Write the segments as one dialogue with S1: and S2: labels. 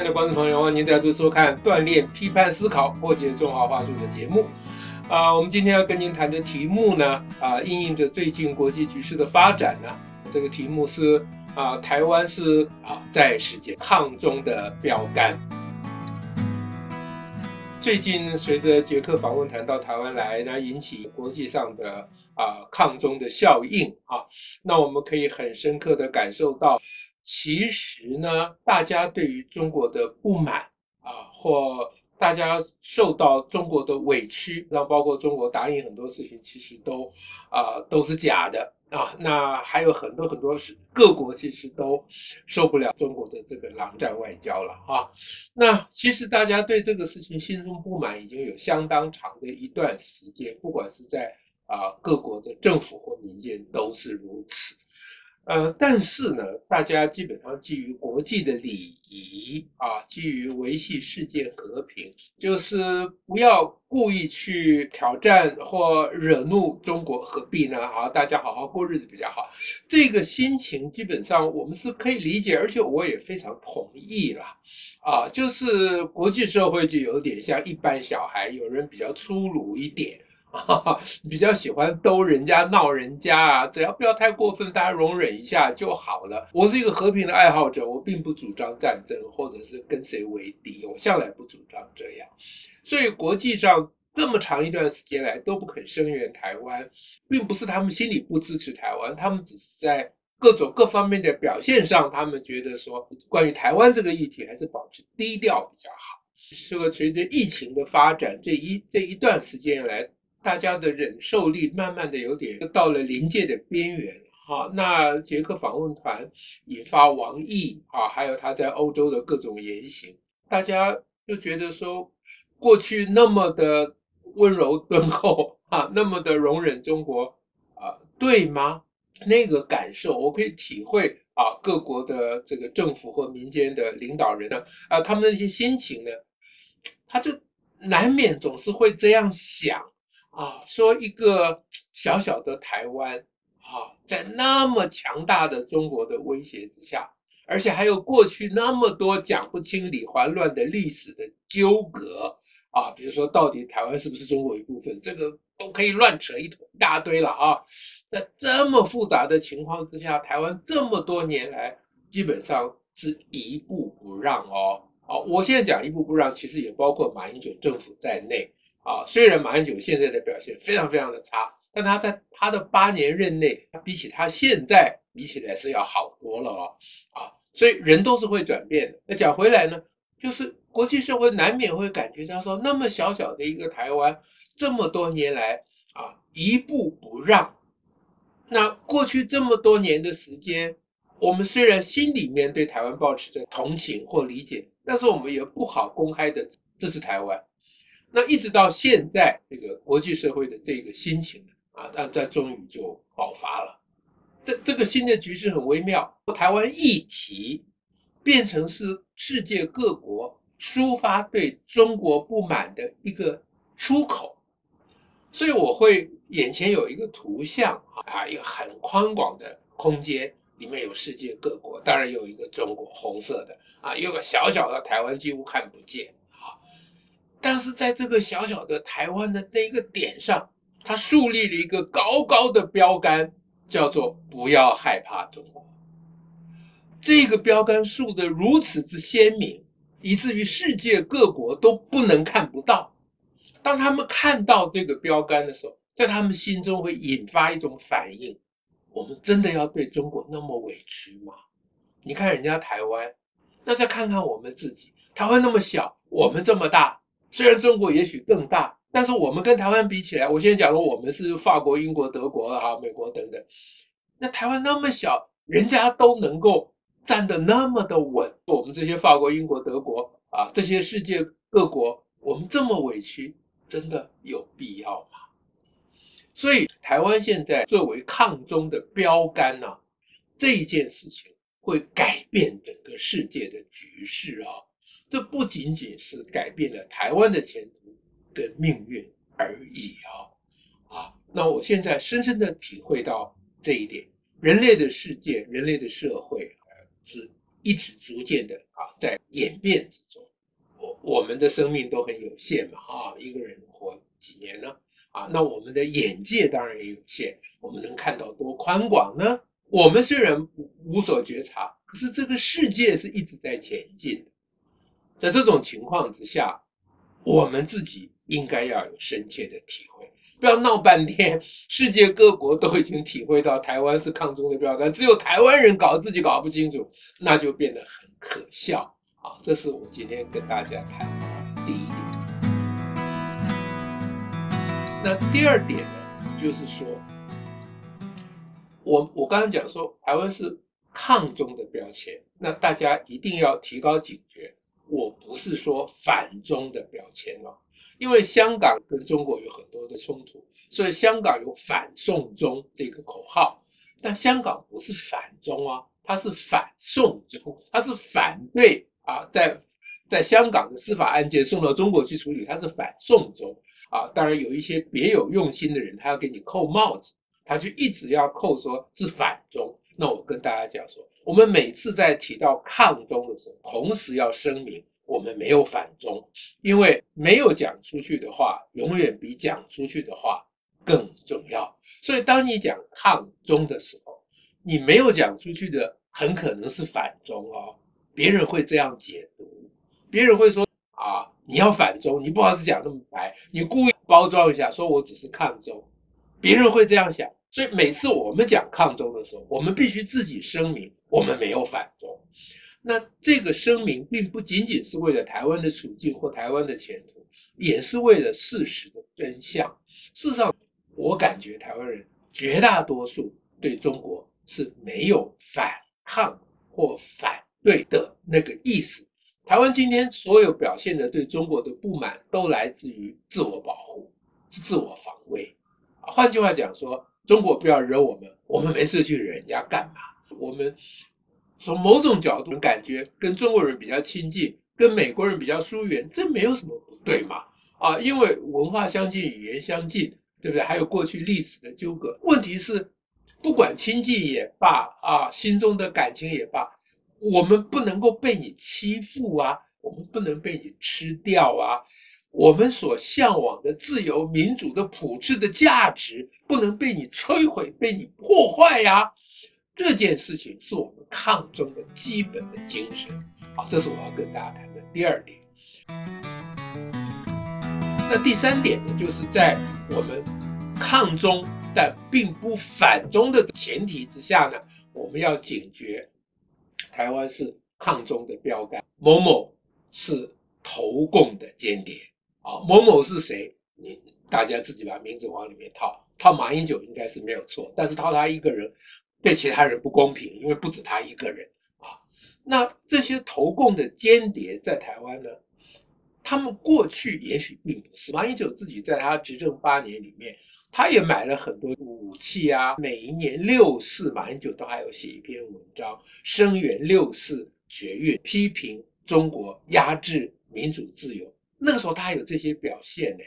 S1: 親愛的觀眾朋友，歡迎您再收看《鍛鍊批判思考，破解中華話術》的節目。啊、呃，我們今天要跟您談的題目呢，啊、呃，因應著最近國際局勢的發展呢，這個題目是啊、呃，台灣是啊，在世界抗中的標杆。最近隨着捷克訪問團到台灣來呢，那引起國際上的啊、呃、抗中的效應啊，那我們可以很深刻的感受到。其實呢，大家對於中國的不滿啊、呃，或大家受到中國的委屈，然後包括中國答應很多事情，其實都啊、呃、都是假的啊。那還有很多很多是各國其實都受不了中國的這個戰狼外交了啊。那其實大家對這個事情心中不滿已經有相當長的一段時間，不管是在啊、呃、各國的政府或民間都是如此。呃，但是呢，大家基本上基於國際的禮儀啊，基於維繫世界和平，就是不要故意去挑戰或惹怒中國，何必呢？啊，大家好好過日子比較好。這個心情基本上我們是可以理解，而且我也非常同意啦。啊，就是國際社會就有點像一般小孩，有人比較粗魯一點。哈哈、啊，比較喜歡逗人家、鬧人家，啊，只要不要太過分，大家容忍一下就好了。我是一個和平的愛好者，我並不主張戰爭，或者是跟誰為敵，我向來不主張這樣。所以國際上這麼長一段時間來都不肯聲援台灣，並不是他們心裡不支持台灣，他們只是在各種各方面的表現上，他們覺得說關於台灣這個議題還是保持低調比較好。這個隨着疫情的發展，這一這一段時間來。大家的忍受力慢慢的有點到了臨界的邊緣，哈，那捷克訪問團引發王毅啊，還有他在歐洲的各種言行，大家就覺得說，過去那麼的溫柔敦厚啊，那麼的容忍中國啊，對嗎？那個感受我可以體會啊，各國的這個政府和民間的領導人呢，啊，他們那些心情呢，他就難免總是會這樣想。啊，說一個小小的台灣啊，在那麼強大的中國的威脅之下，而且還有過去那麼多講不清、理還亂的歷史的糾葛啊，比如說到底台灣是不是中國一部分，這個都可以亂扯一通一大堆了啊。在這麼複雜的情況之下，台灣這麼多年來基本上是一步不讓哦。好，啊，我現在講一步不讓，其實也包括馬英九政府在內。啊，雖然馬英九現在的表現非常非常的差，但他在他的八年任內，比起他現在比起來是要好多了哦。啊，所以人都是會轉變的。那講回來呢，就是國際社會難免會感覺到說，那麼小小的一個台灣，這麼多年來啊，一步不讓。那過去這麼多年的時間，我們雖然心裡面對台灣抱持着同情或理解，但是我們也不好公開的支持台灣。那一直到現在，這個國際社會的這個心情啊，但在終於就爆發了。這這個新的局勢很微妙，台灣議題變成是世界各國抒發對中國不滿的一個出口。所以我會眼前有一個圖像啊，一個很寬廣的空間，裡面有世界各國，當然有一個中國紅色的啊，有個小小的台灣幾乎看不見。但是在這個小小的台灣的那一個點上，他樹立了一個高高的標杆，叫做不要害怕中國。這個標杆豎得如此之鮮明，以至於世界各國都不能看不到。當他們看到這個標杆的時候，在他們心中會引發一種反應：我們真的要對中國那麼委屈嗎？你看人家台灣，那再看看我們自己，台灣那麼小，我們這麼大。雖然中國也許更大，但是我們跟台灣比起來，我先講了我們是法國、英國、德國啊、美國等等，那台灣那麼小，人家都能夠站得那麼的穩，我們這些法國、英國、德國啊，這些世界各國，我們這麼委屈，真的有必要嗎？所以台灣現在作為抗中的標杆呢啊，這一件事情會改變整個世界的局勢啊。這不僅僅是改變了台灣的前途跟命運而已啊。啊，那我現在深深的體會到這一點：人類的世界、人類的社會是一直逐漸的啊，在演變之中。我我們的生命都很有限嘛啊，一個人活幾年呢？啊，那我們的眼界當然也有限，我們能看到多寬廣呢？我們雖然無所覺察，可是這個世界是一直在前進的。在這種情況之下，我們自己應該要有深切的體會，不要鬧半天。世界各國都已經體會到台灣是抗中的標杆，只有台灣人搞自己搞不清楚，那就變得很可笑啊！好，這是我今天跟大家談的第一點。那第二點呢，就是說，我我剛剛講說台灣是抗中的標籤，那大家一定要提高警覺。我不是說反中的標籤哦，因為香港跟中國有很多的衝突，所以香港有反送中這個口號，但香港不是反中啊，哦，它是反送中，它是反對啊，在在香港的司法案件送到中國去處理，它是反送中啊，當然有一些別有用心的人，他要給你扣帽子，他就一直要扣說是反中，那我跟大家講說。我們每次在提到抗中的時候，同時要聲明我們沒有反中，因為沒有講出去的話永遠比講出去的話更重要。所以當你講抗中的時候，你沒有講出去的很可能是反中哦，別人會這樣解讀，別人會說啊，你要反中，你不好意思講那麼白，你故意包裝一下，說我只是抗中，別人會這樣想。所以每次我們講抗中的時候，我們必須自己聲明我們沒有反中。那這個聲明並不僅僅是為了台灣的處境或台灣的前途，也是為了事實的真相。事實上，我感覺台灣人絕大多數對中國是沒有反抗或反對的那個意思。台灣今天所有表現的對中國的不滿，都來自於自我保護，是自我防衛。啊，換句話講說。中國不要惹我們，我們沒事去惹人家幹嘛？我們從某種角度感覺跟中國人比較親近，跟美國人比較疏遠，這沒有什麼不對嘛。啊，因為文化相近，語言相近，對不對？還有過去歷史的糾葛。問題是，不管親近也罷，啊，心中的感情也罷，我們不能夠被你欺負啊，我們不能被你吃掉啊。我們所向往的自由、民主的普世的價值，不能被你摧毀、被你破壞呀、啊！這件事情是我們抗中的基本的精神。好，這是我要跟大家談的第二點。那第三點呢，就是在我們抗中但並不反中的前提之下呢，我們要警覺，台灣是抗中的標杆，某某是投共的間諜。啊，某某是誰？你大家自己把名字往裡面套，套馬英九應該是沒有錯，但是套他一個人，對其他人不公平，因為不止他一個人啊。那這些投共的間諜在台灣呢？他們過去也許並不是。馬英九自己在他執政八年裡面，他也買了很多武器啊。每一年六四，馬英九都還有寫一篇文章，聲援六四學運，批評中國壓制民主自由。那個時候他還有這些表現呢，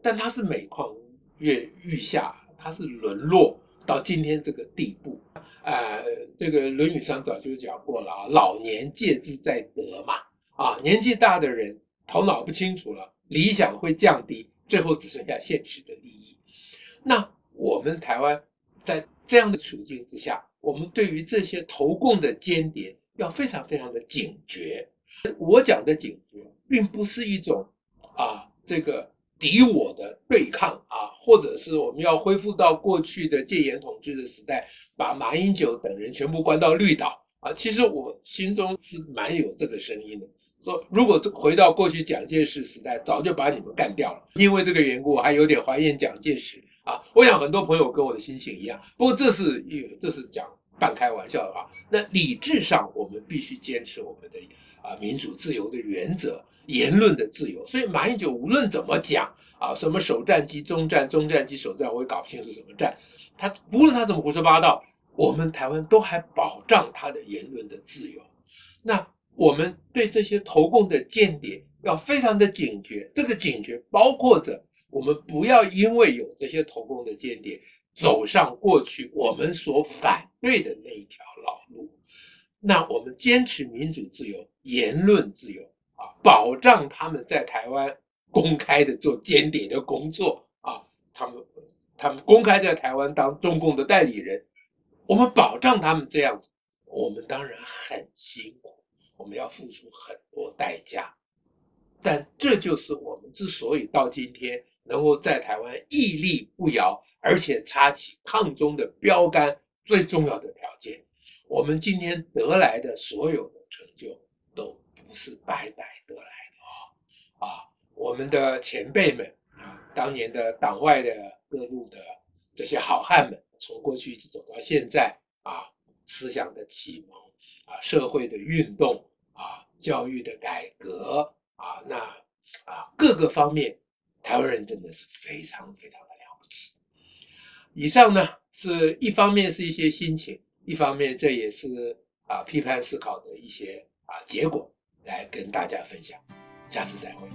S1: 但他是每況愈，愈下，他是淪落到今天這個地步。呃，這個《論語》上早就講過了啊，老年戒之在得嘛。啊，年紀大的人頭腦不清楚了，理想會降低，最後只剩下現實的利益。那我們台灣在這樣的處境之下，我們對於這些投共的間諜要非常非常的警覺。我講的警覺。並不是一種啊，這個敵我的對抗啊，或者是我們要恢復到過去的戒嚴統治的時代，把馬英九等人全部關到綠島啊。其實我心中是蠻有這個聲音的，說如果回到過去蔣介石時代，早就把你們幹掉了。因為這個緣故，我還有點懷念蔣介石啊。我想很多朋友跟我的心情一樣，不過這是一，這是講。半開玩笑的話，那理智上我們必須堅持我們的啊、呃、民主自由的原則，言論的自由。所以馬英九無論怎麼講啊，什麼首戰即終戰、終戰即首戰，我也搞不清楚什麼戰。他無論他怎麼胡說八道，我們台灣都還保障他的言論的自由。那我們對這些投共的間諜要非常的警覺，這個警覺包括着我們不要因為有這些投共的間諜。走上過去我們所反對的那一條老路，那我們堅持民主自由、言論自由啊，保障他們在台灣公開的做間諜的工作啊，他們他們公開在台灣當中共的代理人，我們保障他們這樣子，我們當然很辛苦，我們要付出很多代價，但這就是我們之所以到今天。能夠在台灣屹立不搖，而且插起抗中的標竿，最重要的條件。我們今天得來的所有的成就，都不是白白得來的啊！啊，我們的前輩們啊，當年的黨外的各路的這些好漢們，從過去一直走到現在啊，思想的啟蒙啊，社會的運動啊，教育的改革啊，那啊各個方面。台灣人真的是非常非常的了不起。以上呢，是一方面是一些心情，一方面這也是啊批判思考的一些啊結果，來跟大家分享。下次再會。